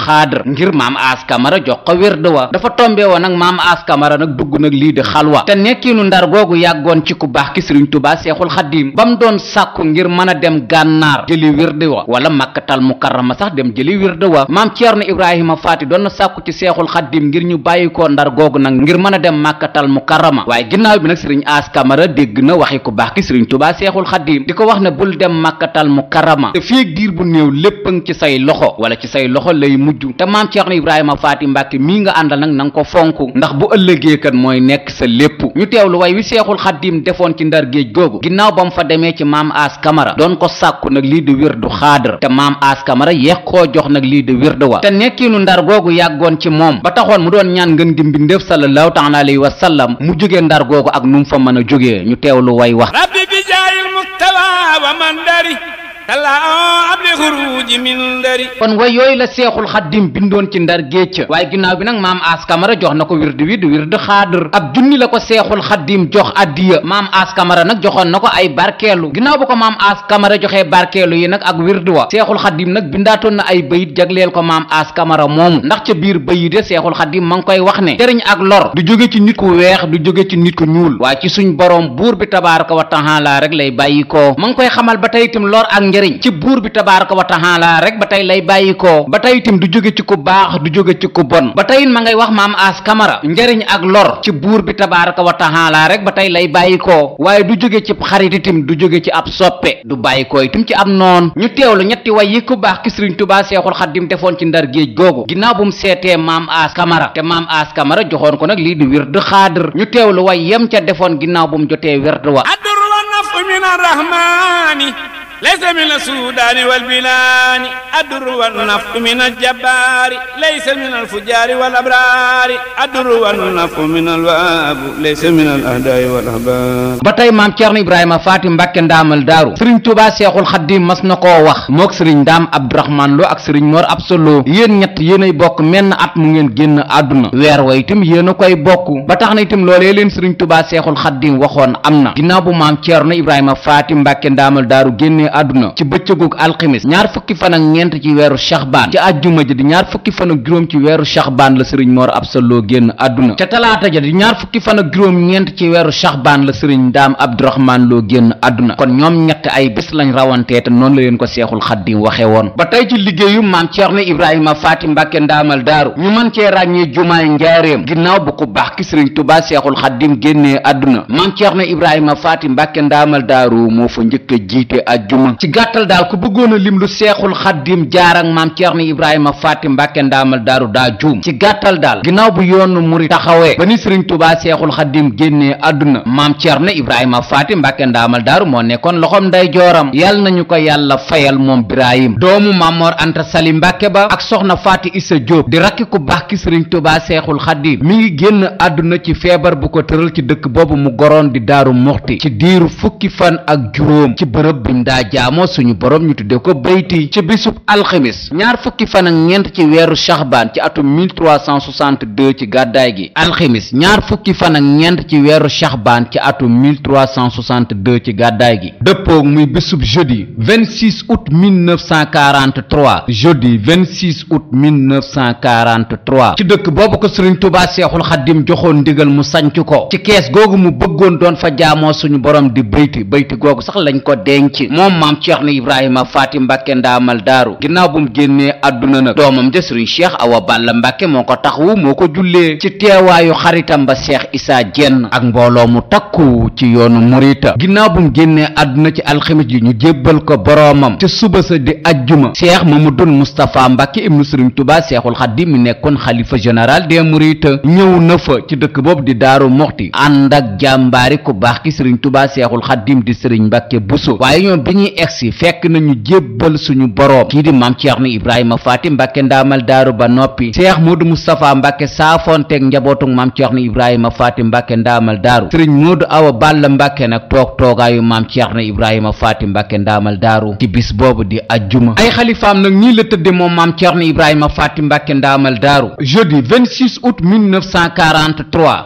ngir maam As Kamara jox ko wërd wa dafa ndar googu yàggoon ci ku baax ki sëriñ tubaa seexul xaddiim ba mu doon sàkku ngir mën a dem gànnaar jëli wirde wa wala màkkatal mukarrama sax dem jëli wirde wa maam ceerno ibrahima faati doon na sàkku ci seexul xaddiim ngir ñu bàyyi ko ndar googu nag ngir mën a dem màkkatal mukarrama waaye ginnaaw bi nag sëriñ aas kamara dégg na waxi ku baax ki sëriñ tubaa seexul xaddiim di ko wax ne bul dem màkkatal mukarrama te fii diir bu néew lépp nga ci say loxo wala ci say loxo lay mujj te maam ceerno ibrahima faati mbàkke mii nga àndal na nga ko fonk ndax way wi seexul xaddim defoon ci ndar géej googu ginnaaw ba mu fa demee ci maam aas kamara doon ko sàkku nag lii di wirdu xaadar te maam aas kamara yeex koo jox nag lii di wirdu wa te nekkiinu ndar googu yàggoon ci moom ba taxoon mu doon ñaan ngën gi mbindéef sallallahu taala alayhi wa sallam mu jógee ndar googu ak nu mu fa mën a jógee ñu teew lu way wax wa alxuruuji min ndari kon way yooyu la seexul xaddim bindoon ci ndar géej waaye ginnaaw bi nag maam as kamara jox na ko wirdu wi di wirdu xaadir ab junni la ko seexul xaddim jox addiya maam as kamara nag joxoon na ko ay barkeelu ginnaaw bu ko maam as kamara joxe barkeelu yi nag ak wirdu wa seexul xaddim nag bindaatoon na ay bayit jagleel ko maam as kamara moomu ndax ca biir bayit ya seexul xaddim ma ngi koy wax ne jëriñ ak lor du jóge ci nit ku weex du jóge ci nit ku ñuul waaye ci suñ boroom buur bi tabaaraka wa taala rek lay bàyyi tabaraka wa taala rek ba tey lay bàyyi koo ba tey itam du jóge ci ku baax du jóge ci ku bon ba tey ma ngay wax maam as kamara njariñ ak lor ci buur bi tabaraka wa taala rek ba tey lay bàyyi koo waaye du jóge ci xarit itam du jóge ci ab soppe du bàyyi koo itam ci ab noon ñu teewlu ñetti way yi ku baax ki sëriñ tubaa seexul xaddim defoon ci ndar géej googu ginnaaw bu mu seetee maam as kamara te maam as kamara joxoon ko nag lii di wird xaadir ñu teewlu way yem ca defoon ginnaaw bu mu jotee wird wa ليس من السودان والبلان الدر والنفق من الجبار ليس من الفجار والأبرار الدر والنفق من الواب ليس من الأهداء والأحبار ba tey maam Thierno Ibrahima Faty Mbacke ndaamal daaru Serigne Touba Seexul Xaddim mas na koo wax mook Serigne Ndaam Abdourahmane Lo ak Serigne Mor Absolo yéen ñett yéenay bokk menn at mu ngeen génn àdduna weer wa itam yéen koy bokk ba tax na lool loolee leen Serigne Touba Seexul Xaddim waxoon am na ginnaaw bu maam Thierno Ibrahima Faty Mbacke ndaamal àdduna ci bëccëgug alximis ñaar fukki fan ak ñeent ci weeru shaxbaan ci àjjuma ji di ñaar fukki fanak ak juróom ci weeru shaxbaan la sëriñ Mor Absa Lo génn àdduna ca talaata ja di ñaar fukki fan ak juróom ñeent ci weeru shaxbaan la sëriñ Ndaam Abdourahmane Lo génn àdduna kon ñoom ñett ay bés lañ rawantee te noonu la leen ko seexul xaddim waxe woon ba tey ci liggéeyu maam Ceerno Ibrahima Faati Mbàkke ndaamal daaru ñu mën cee ràññee jumaay njaareem ginnaaw bu ko baax ki sëriñ Tuubaa seexul xaddim génnee àdduna maam Ceerno Ibrahima Faati Mbàkke ndaamal daaru moo fa njëkk a jiite ajjuma moom ci gàttal daal ku bëggoon a lim lu seexul xaddim jaar ak maam Ceerno Ibrahima Faati Mbàkke ndaamal daaru daa juum ci gàttal daal ginnaaw bu yoonu murit taxawee ba ni sëriñ Tuubaa seexul xaddim génnee àdduna maam Ceerno Ibrahima Faati Mbàkke ndaamal daaru moo nekkoon loxoom nday jooram yàlla nañu ko yàlla fayal moom Birahim doomu Mamor Anta Sali Mbàkke ba ak soxna Faati Isa Jóob di rakki ku baax ki sëriñ Tuubaa seexul xaddim mi ngi génn àdduna ci feebar bu ko ci dëkk boobu mu goroon di daaru muxti ci diiru fukki daa jaamoo suñu borom ñu tudde ko bayti ci bisub alxamis ñaar fukki fan ak ñeent ci weeru shaxbaan ci atum 1362 ci gàddaay gi alxamis ñaar fukki fan ak ñeent ci weeru shaxbaan ci atum 1362 ci gàddaay gi dëppoog muy bisub jeudi 26 août 1943 jeudi 26 août 1943 ci dëkk boobu ko sëriñ Tuubaa Seexul Xaddim joxoon ndigal mu sanc ko ci kees googu mu bëggoon doon fa jaamoo suñu borom di bayti bayti googu sax lañ ko denc moom moom maam Ceerno Ibrahima Faati Mbàkke ndaamal daaru ginnaaw bu mu génnee àdduna nag doomam ja Sëriñ Cheikh Awa Balla Mbàkke moo ko taxawu moo ko jullee ci teewaayu xaritam ba Cheikh Isaa Jenn ak mbooloo mu takku ci yoonu murita ginnaaw bu mu génnee àdduna ci alxamis yi ñu jébbal ko boroomam ca suba sa di ajjuma mu Mamadou Moustapha Mbàkke ibnu Sëriñ tubaa Seexul Xadiim mi nekkoon xalifa général des murita ñëw na fa ci dëkk boobu di daaru moxti ànd ak jàmbaari ku baax ki Sëriñ Tuubaa Seexul ñuy egsi fekk nañu jébbal suñu boroom kii di maam Ceerno Ibrahima Faati Mbàkke ndaamal daaru ba noppi Cheikh Modou Moustapha Mbàkke saafonteeg njabootu maam Ceerno Ibrahima Faati Mbàkke ndaamal daaru sëriñ Modou Awa Balla Mbàkke nag toog toogaayu maam Ceerno Ibrahima Faati Mbàkke ndaamal daaru ci bis boobu di ajjuma ay xalifaam nag ñii la tëdde moom maam Ceerno Ibrahima Faati Mbàkke ndaamal daaru jeudi 26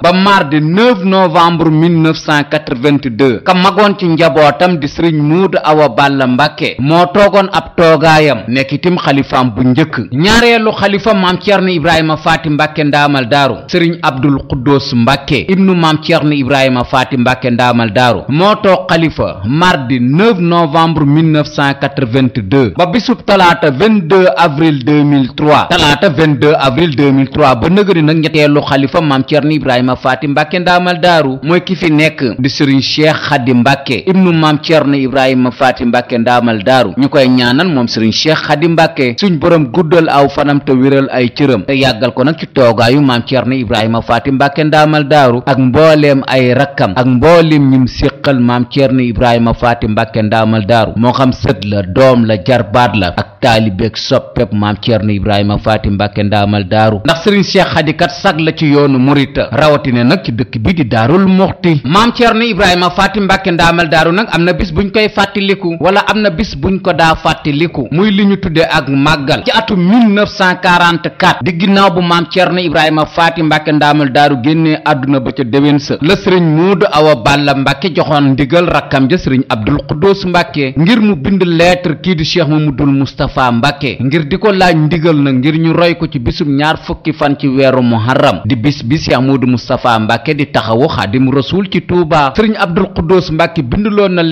ba mardi 9 novembre ka magoon ci njabootam di sëriñ Modou Awa Awa Balla Mbàkke moo toogoon ab toogaayam nekk itam xalifaam bu njëkk ñaareelu xalifa maam Ceerno Ibrahima Faati Mbàkke ndaamal daaru sëriñ Abdul Xuddoos Mbàkke ibnu maam Ceerno Ibrahima Faati Mbàkke ndaamal daaru moo toog xalifa mardi 9 novembre 1982 ba bisub talaata 22 avril 2003 talaata 22 avril 2003 ba nëgëri nag ñetteelu xalifa maam Ceerno Ibrahima Faati Mbàkke ndaamal daaru mooy ki fi nekk di sëriñ Cheikh Xadi Mbàkke ibnu maam Ceerno Ibrahima Faati Faty Mbàkke ndaamal daaru ñu koy ñaanal moom sëriñ Cheikh Xadim Mbàkke suñ borom guddal aw fanam te wéral ay cëram te yàggal ko nag ci toogaayu maam Ceerno Ibrahima Faty Mbàkke ndaamal ak mbooleem ay rakkam ak mbooleem ñum séqal maam Ceerno Ibrahima Faty Mbàkke ndaamal daaru moo xam sët la doom la jarbaat la ak taalibeeg soppeeb maam Ceerno Ibrahima Faty Mbàkke ndaamal daaru ndax sëriñ Cheikh Xadi kat sag la ci yoonu murita rawatina nag ci dëkk bi di daarul muxti maam Ceerno Ibrahima Faty Mbàkke ndaamal daaru nag am na bis buñ koy fàttaliku wala am na bis buñ ko daa ko muy li ñu tudde ak màggal ci atum 1944 di ginnaaw bu maam Thierno Ibrahima Faati Mbàkke ndaamal daaru génne àdduna ba ca déwén sa la sëriñ Moodu Awa Balla Mbàkke joxoon ndigal rakkam ja sëriñ Abdul Xudoos Mbàkke ngir mu bind lettre kii di Cheikh Mamadul Moustapha Mbàkke ngir di ko laaj ndigal na ngir ñu roy ko ci bisub ñaar fukki fan ci weeru muharram di bis bi Cheikh Mamadou Moustapha Mbàkke di taxawu Xaadim Rasuul ci Tuubaa sëriñ Abdul Xudoos Mbàkke bindaloon na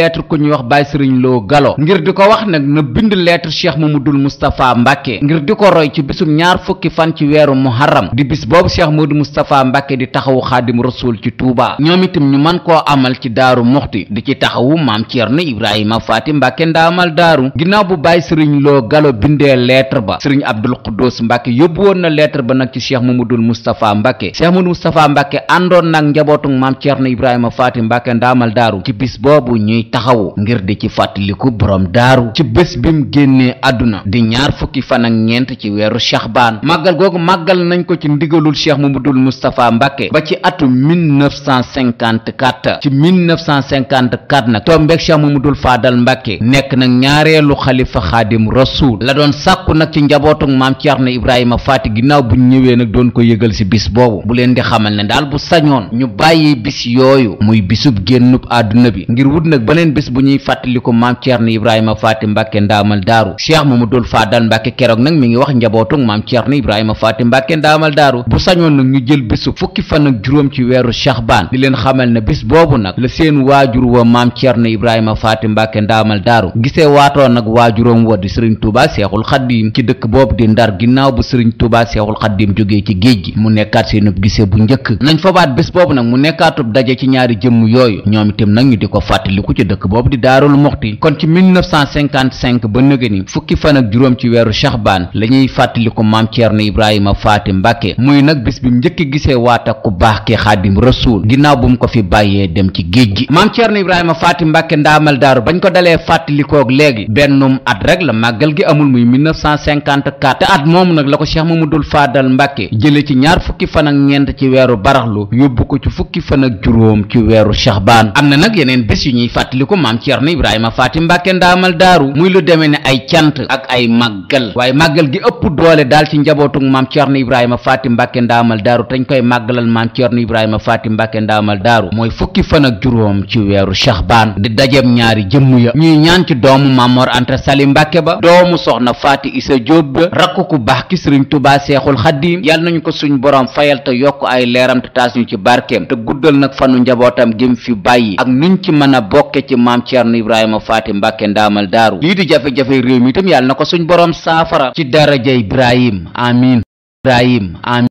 Lo Gallo ngir di ko wax nag na bind lettre Cheikh Mamadul Moustapha Mbàkke ngir di ko roy ci bisum ñaar fukki fan ci weeru muharram di bis boobu Cheikh Mamadou Moustapha Mbàkke di taxawu xaadim rasul ci Touba ñoom itam ñu mën koo amal ci daaru muxti di ci taxawu maam Ceerno Ibrahima Faati Mbàkke ndaamal daaru ginnaaw bu bàyyi sëriñ loo Gallo bindee lettre ba sëriñ Abdul Xuddus Mbàkke yóbbu woon na lettre ba nag ci Cheikh Mamadul Moustapha Mbàkke Cheikh Mamadou Moustapha Mbàkke àndoon nag njabootu maam Ceerno Ibrahima Faati Mbàkke ndaamal daaru ci bis boobu ñuy taxawu ngir di ci fat fàttaliku borom daaru ci bés bi mu génnee àdduna di ñaar fukki fan ak ñeent ci weeru Shaxbaan màggal googu màggal nañ ko ci ndigalul cheikh Mamadul Moustapha Mbàkke ba ci atum 1954 ci 1954 nag tombeeg cheikh dul Faadal Mbàkke nekk nag ñaareelu xalifa xaadim rasuul la doon sàkku nag ci njabootuk maam Ceerno Ibrahima Faati ginnaaw bu ñëwee nag doon ko yëgal si bis boobu bu leen di xamal ne daal bu sañoon ñu bàyyi bis yooyu muy bisub génnub àdduna bi ngir maam Thierno Ibrahima Faty Mbacke ndaamal daaru cheikh Mamadou Fadal Mbacke keroog nag mi ngi wax njabootug maam Thierno Ibrahima Faty Mbacke ndaamal daaru bu sañoon nag ñu fukki fan ak juróom ci weeru Shahbaan di leen xamal ne bis boobu nag la seen waajur wa maam Thierno Ibrahima Faty Mbacke ndaamal daaru gisee waatoon nag waajuróom wa di Serigne Touba Seexul Xaddiim ci dëkk boobu di Ndar ginnaaw bu Serigne Touba Seexul Xaddiim jógee ci géej gi mu nekkaat seenub gisee bu njëkk nañ fabaat bés boobu nag mu nekkaatub daje ci ñaari jëmm yooyu ñoom itam nag ñu di ko fàttaliku ci dëkk boobu di Daarul waxtu kon ci 1955 ba nëgë ni fukki fan ak juróom ci weeru Shaxbaan la ñuy fàttaliku maam Ceerno Ibrahima Faati Mbàkke muy nag bis bi mu njëkk a gisee waata ku baax ki xaadim rasuul ginnaaw bu mu ko fi bàyyee dem ci géej gi maam Ceerno Ibrahima Faati Mbàkke ndaamal daaru bañ ko dalee fàttalikoog léegi bennum at rek la màggal gi amul muy 1954 te at moomu nag la ko Cheikh Mamadul Faadal Mbàkke jële ci ñaar fukki fan ak ñeent ci weeru baraxlu yóbbu ko ci fukki fan ak juróom ci weeru Shaxbaan am Faati Mbàkke ndaamal daaru muy lu demee ne ay cant ak ay màggal waaye màggal gi ëpp doole daal ci njabootug maam Cerno Ibrahima Faati Mbàkke ndaamal daaru teñ koy màggalal maam Cerno Ibrahima Faati Mbàkke ndaamal daaru mooy fukki fan ak juróom ci weeru Saxbaan di dajeeb ñaari jëmm ya ñuy ñaan ci doomu Mamor Anta Sali Mbàkke ba doomu soxna Faati Isa Jóob ba rakk ku baax ki Sëriñ Tubaa Seexul Xadiim yal nañu ko suñ boroom fayal te yokk ay leeram te taas ñu ci barkeem te guddal nag fanu njabootam gim fi bàyyi ak nuñ ci mën a bokke ci maam Cerno Ibrahima faati mbàkke ndaamal daaru lii di jafe-jafe réew mi itam yàlla na ko suñ boroom saafara ci daraja ibrahim amin ibrahim amin